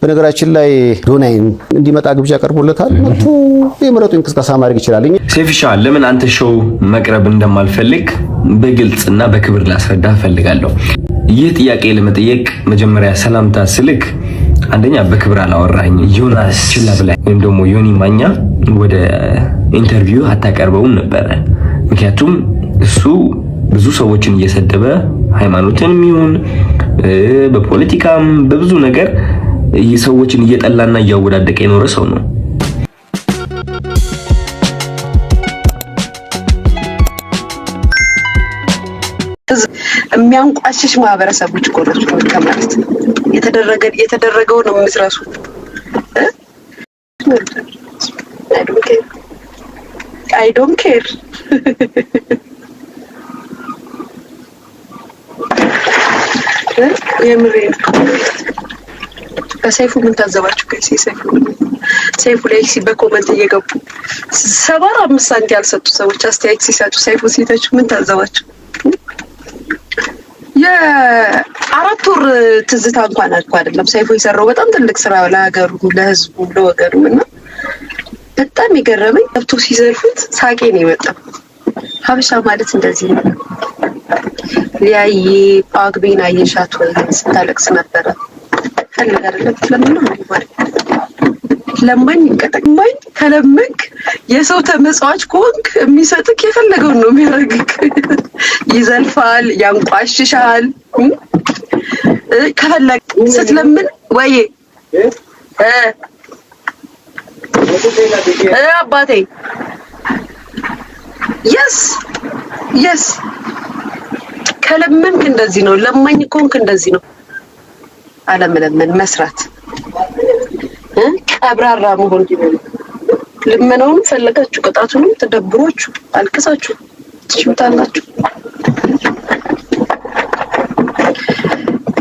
በነገራችን ላይ ዶናይን እንዲመጣ ግብዣ ቀርቦለታል። መጥቶ የምረጡ እንቅስቃሳ ማድረግ ይችላል። ሴፊሻ ለምን አንተ ሾው መቅረብ እንደማልፈልግ በግልጽና በክብር ላስረዳ እፈልጋለሁ። ይህ ጥያቄ ለመጠየቅ መጀመሪያ ሰላምታ ስልክ አንደኛ በክብር አላወራኝ ዮናስ ችላ ብላ ወይም ደግሞ ዮኒ ማኛ ወደ ኢንተርቪው አታቀርበውም ነበረ። ምክንያቱም እሱ ብዙ ሰዎችን እየሰደበ ሃይማኖትን ይሁን በፖለቲካም በብዙ ነገር ሰዎችን እየጠላና እያወዳደቀ የኖረ ሰው ነው። የሚያንቋሽሽ ማህበረሰቦች እኮ ናቸው ከማለት ነው የምትረሱ አይ ዶንት ኬር የምሬ ከሰይፉ ምን ታዘባችሁ? ከ ሰይፉ ሰይፉ ላይ በኮመንት እየገቡ ሰባር አምስት ያልሰጡ ሰዎች አስተያየት ሲሰጡ ሰይፉ ሴቶች ምን ታዘባችሁ? የአራት ወር ትዝታ እንኳን አልኩ አይደለም። ሰይፉ የሰራው በጣም ትልቅ ስራ ለሀገሩ፣ ለህዝቡ፣ ለወገኑ እና በጣም የገረመኝ ገብቶ ሲዘልፉት ሳቄ ነው የመጣው። ሀበሻ ማለት እንደዚህ ነው። ሊያይ አግቢን አየሻት ወይ ስታለቅስ ነበረ ፈለግ አይደለም። ስለምን ይባል ለማኝ ይቀጠቅ ማኝ ከለመንክ የሰው ተመጽዋች ከሆንክ የሚሰጥክ የፈለገውን ነው የሚያደርግክ። ይዘልፋል፣ ያንቋሽሻል። ከፈለግ ስትለምን ወይ አባቴ የስ የስ ከለመንክ እንደዚህ ነው። ለማኝ ከሆንክ እንደዚህ ነው። አለመለመን፣ መስራት፣ ቀብራራ መሆን ልመናውን ፈለጋችሁ ቅጣቱንም ተደብሯችሁ አልቅሳችሁ ትችሉታላችሁ።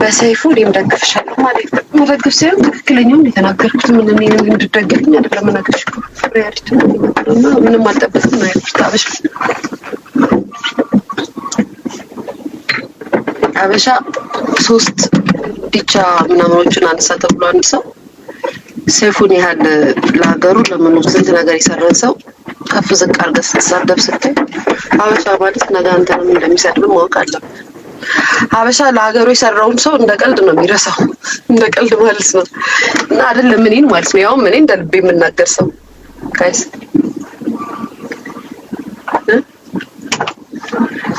በሰይፉ እኔም ደግፍሻለሁ ማለት ነው። መደግፍ ሳይሆን ትክክለኛውን የተናገርኩት ምንም ኔ እንድደግፍኝ አይደለም። መናገርሽ ሪያሊቲ እና ምንም አልጠበቅም ነው ያልኩት። አበሻ አበሻ ሶስት ዲቻ ምናምኖችን አነሳ ተብሎ አንድ ሰው ሰይፉን ያህል ለሀገሩ ለምኑ ስንት ነገር የሰራን ሰው ከፍ ዝቅ አድርገህ ስትሳደብ ስታይ ሀበሻ ማለት ነገ አንተንም እንደሚሰድብ ማወቅ አለብን። ሀበሻ ለሀገሩ የሰራውን ሰው እንደ ቀልድ ነው የሚረሳው፣ እንደ ቀልድ ማለት ነው እና አይደለም እኔን ማለት ነው ያውም እኔ እንደ ልቤ የምናገር ሰው ጋይስ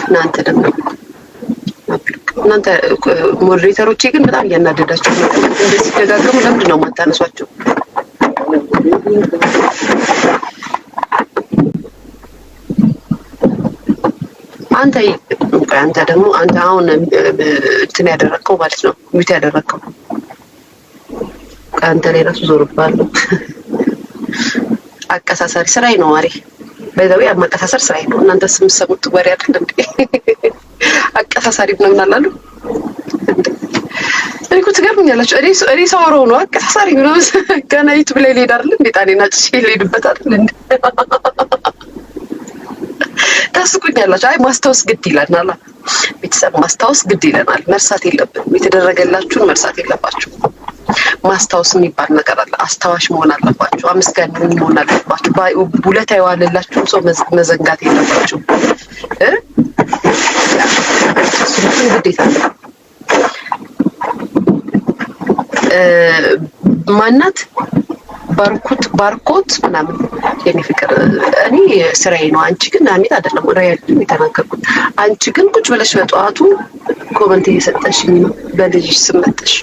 እናንተ ደግሞ እናንተ ሞዴሬተሮቼ ግን በጣም እያናደዳቸው ነው። እንደዚህ ደጋግሙ። ለምንድን ነው የማታነሷቸው? አንተ አንተ ደግሞ አንተ አሁን እንትን ያደረግከው ማለት ነው ሚት ያደረግከው ከአንተ ላይ ራሱ ዞርባለሁ። አቀሳሰሪ ስራዬ ነው። ማሬ በዛው አመቀሳሰር ስራዬ ነው። እናንተስ የምትሰሙት ወሬ አይደለም እንዴ? ተሳሳሪ ነው ምናምን አሉ። እኔ እኮ ትገርምኛላችሁ። እኔ ሰው ሮ ነው አቀሳሳሪ ነው ገና ዩቱብ ላይ ልሄድ አይደል እንዴ? ጣኔና ጭሽ ልሄድበት አይደል እንዴ? ታስቁኛላችሁ። አይ ማስታወስ ግድ ይለናል፣ ቤተሰብ ማስታወስ ግድ ይለናል። መርሳት የለብንም። የተደረገላችሁን መርሳት የለባችሁ። ማስታወስ የሚባል ነገር አለ። አስታዋሽ መሆን አለባችሁ። አመስጋኝ መሆን አለባችሁ። ውለታ የዋለላችሁም ሰው መዘንጋት የለባችሁ። ግዴታ ማናት ባርኩት ባርኮት ምናምን የኔ ፍቅር እኔ ስራዬ ነው። አንቺ ግን አሜት አይደለም ሪያል የተናገርኩት። አንቺ ግን ቁጭ ብለሽ በጠዋቱ ኮመንት እየሰጠሽኝ ነው። በልጅሽ ስመጠሽ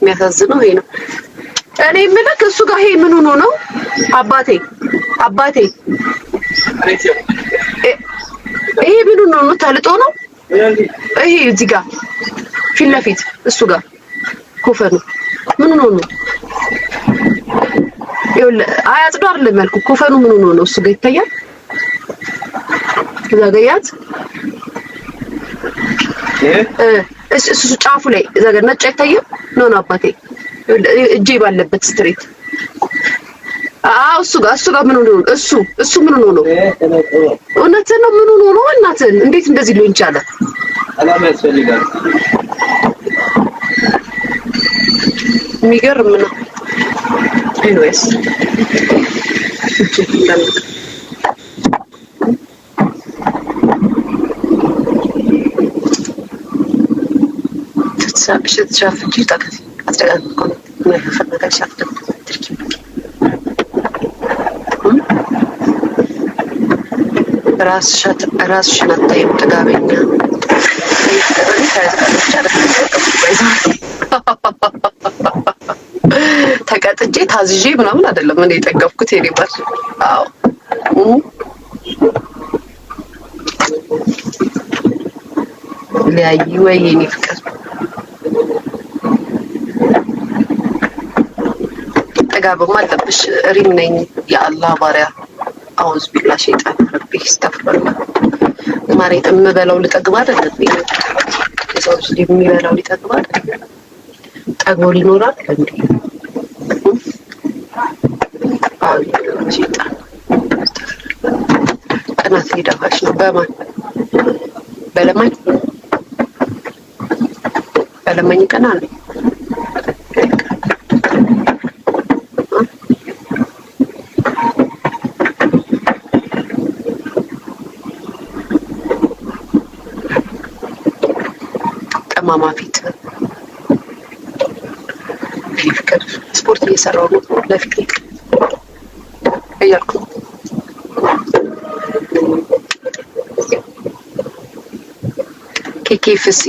የሚያሳዝነው ይሄ ነው። እኔ የምልህ እሱ ጋር ይሄ ምን ሆኖ ነው? አባቴ አባቴ፣ ይሄ ምን ሆኖ ነው? ተልጦ ነው ይሄ እዚህ ጋር ፊት ለፊት እሱ ጋር ኮፈኑ ምን ሆኖ ነው? አይ አጽዱ አይደለም ያልኩህ። ኮፈኑ ምን ሆኖ ነው? እሱ ጋር ይታያል። እዛ ጋር ያዝ እሱ ጫፉ ላይ እዛ ጋር ነጭ አይታየም። ኖ ነው አባቴ እጄ ባለበት ስትሬት አዎ እሱ ጋር እሱ ጋር ምን ሆኖ ነው? እሱ እሱ ምን ሆኖ ነው? እውነትህን ነው። ምን ሆኖ ነው? እናትህን እንዴት እንደዚህ ሊሆን ይችላል? አላማ ያስፈልጋል። የሚገርም ነው። ኤኒዌይስ ትሳቅሽ ትሻፍጭ ታቀፊ አስተጋግቆ ነው ፈለጋሽ አፍደ ራስሽን አታይም። ጥጋበኛ ተቀጥጄ ታዝዤ ምናምን አይደለም እኔ የጠገብኩት የኔ ባል። አዎ ሊያዩ ወይ የኔ ፍቅር ጥጋብም አለብሽ። ሪም ነኝ የአላህ ባሪያ አውዝ ቢላ ሸይጣን ረቢ ስተፍርላ መሬት የምበላው አይደለም። የሰው ልጅ የሚበላው ሊጠግባ አይደለም። ጠግቦ ሊኖራል እንዲ ቅናት ሊደፋሽ ነው። በማን በለማኝ በለማኝ ቀና ነው። ማማ ፊት ፍቅር ስፖርት እየሰራው ነው ለፍቅር እያልኩ ኬኬፍሲ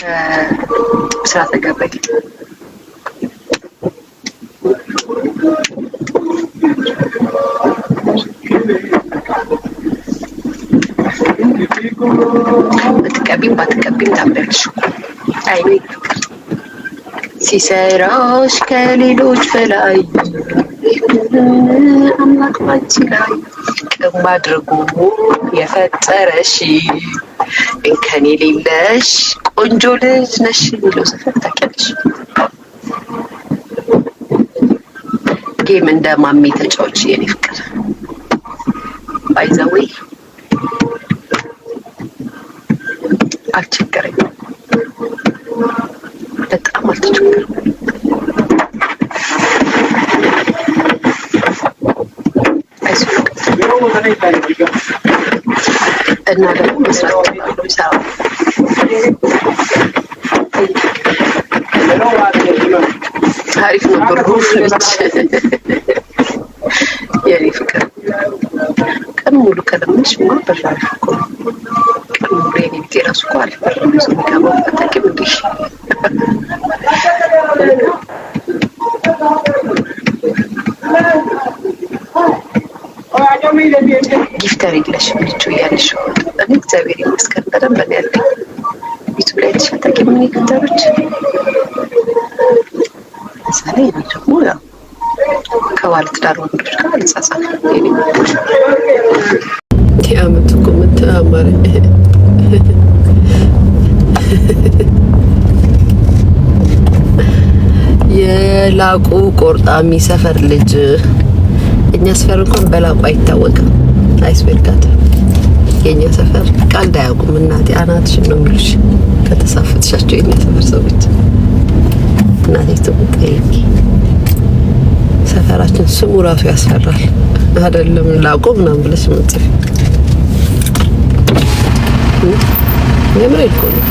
ከስራ ተገባኝ ብትቀቢም ባትቀቢም ታምሪያለሽ። አይ ሲሰራሽ ከሌሎች በላይ አምላክ ባንቺ ላይ ቅም አድርጎ የፈጠረሽ እንከን የሌለሽ ቆንጆ ልጅ ነሽ የሚለው ዘፈን ታውቂያለሽ? ጌም እንደ ማሜ ተጫዎች የኔ ፍቅር ባይዘዌ አልቸገረኝም። በጣም አልተቸገርም። እና ደግሞ መስራት ይሰራል። አሪፍ ነበር። የኔ ፍቅር ቀን ሙሉ ከለምንሽ በላሪፍ በላ የራሱ እኮ አልፈርም ስገባው አታውቂም እንዴ? ጊፍተር የለሽ ምንቹ እያለሽ እኔ እግዚአብሔር ይመስገን በደንብ ነው ያለኝ። ዩቱብ ላይ ትሽ አታውቂም እኔ ለምሳሌ ደግሞ ያው ከባለ ትዳር ወንዶች ጋር አልጻጻፍም። ቴ አመት እኮ በላቁ ቆርጣሚ ሰፈር ልጅ እኛ ሰፈር እንኳን በላቁ አይታወቅም። አይስበርጋት የእኛ ሰፈር ቀልድ አያውቁም። እናቴ አናትሽን ነው የሚሉሽ ከተሳፈትሻቸው የእኛ ሰፈር ሰዎች። እናቴ ትቁጠይቂ ሰፈራችን ስሙ ራሱ ያስፈራል። አይደለም ላቁ ምናምን ብለሽ ምጽፍ የምሬ እኮ ነው።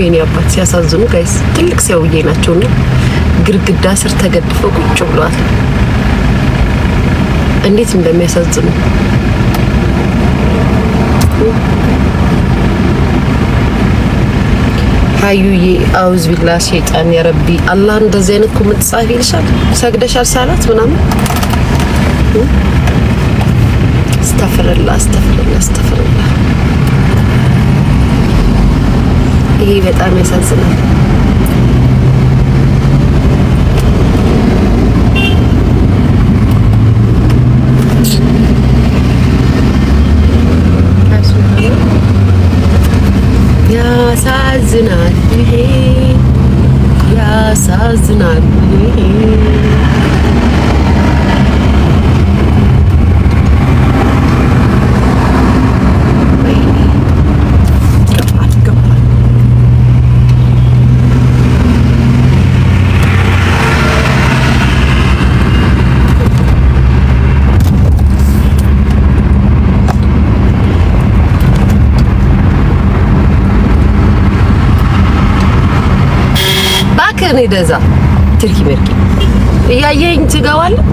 የኔ አባት ሲያሳዝኑ ጋይስ ትልቅ ሰውዬ ናቸውና ግድግዳ ስር ተገድፈው ቁጭ ብለዋል። እንዴት እንደሚያሳዝኑ ሀዩዬ አውዝ ቢላ ሸይጣን ያረቢ አላህ እንደዚህ አይነት ኮመንት ጻፍ ይልሻል። ሰግደሻል ሳላት ምናምን አስተፍርላ አስተፍርላ አስተፍርላ ይሄ በጣም ያሳዝናል። ያሳዝናል ይሄ ያሳዝናል ይሄ እኔ ደዛ ትርኪ መርኪ እያየኝ ትገባለህ።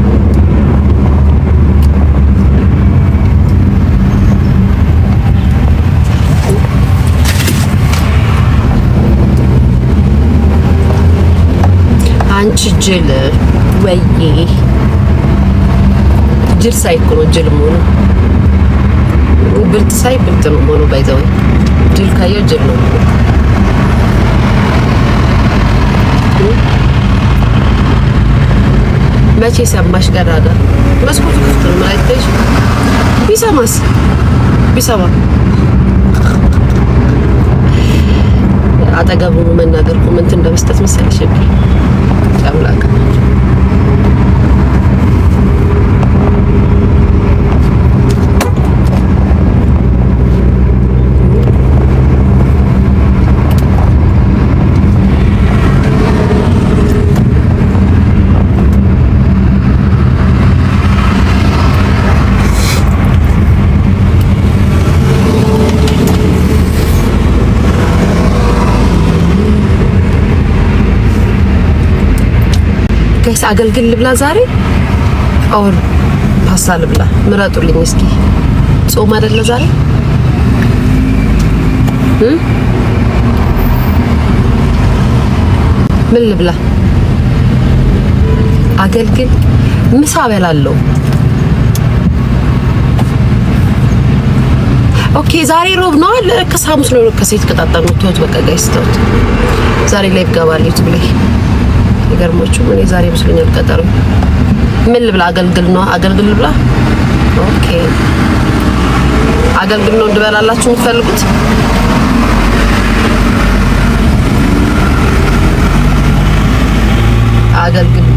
አንቺ ጅል ወይ ጅል ሳይኮ ነው ጅል መሆኑ። ብልጥ ሳይ ብልጥ ነው መሆኑ። ባይዘው ጅል ካየው ጅል ነው። መቼ ሰማሽ? ገራዳ መስኮቱ ክፍት ነው። አይተሽ? ቢሰማስ? ቢሰማ አጠገቡ መናገርኩ ምን እንደመስጠት መሰለሽ አምላክ ጋይስ አገልግል ልብላ ዛሬ ኦር ፓስታ ልብላ? ምረጡልኝ እስኪ። ጾም አይደለ ዛሬ? ምን ልብላ? አገልግል ምሳ በላለሁ። ኦኬ ዛሬ ሮብ ነው አይደል? ከሐሙስ ነው ከሴት ከጣጣ ተውት በቃ ጋይስ ተውት። ዛሬ ላይ ይገባል ዩቲዩብ ላይ ይገርሞቹ እኔ ዛሬ መስሎኛል ቀጠሩ ምን ልብላ አገልግል ነው አገልግል ልብላ ኦኬ አገልግል ነው እንድበላላችሁ የምትፈልጉት አገልግል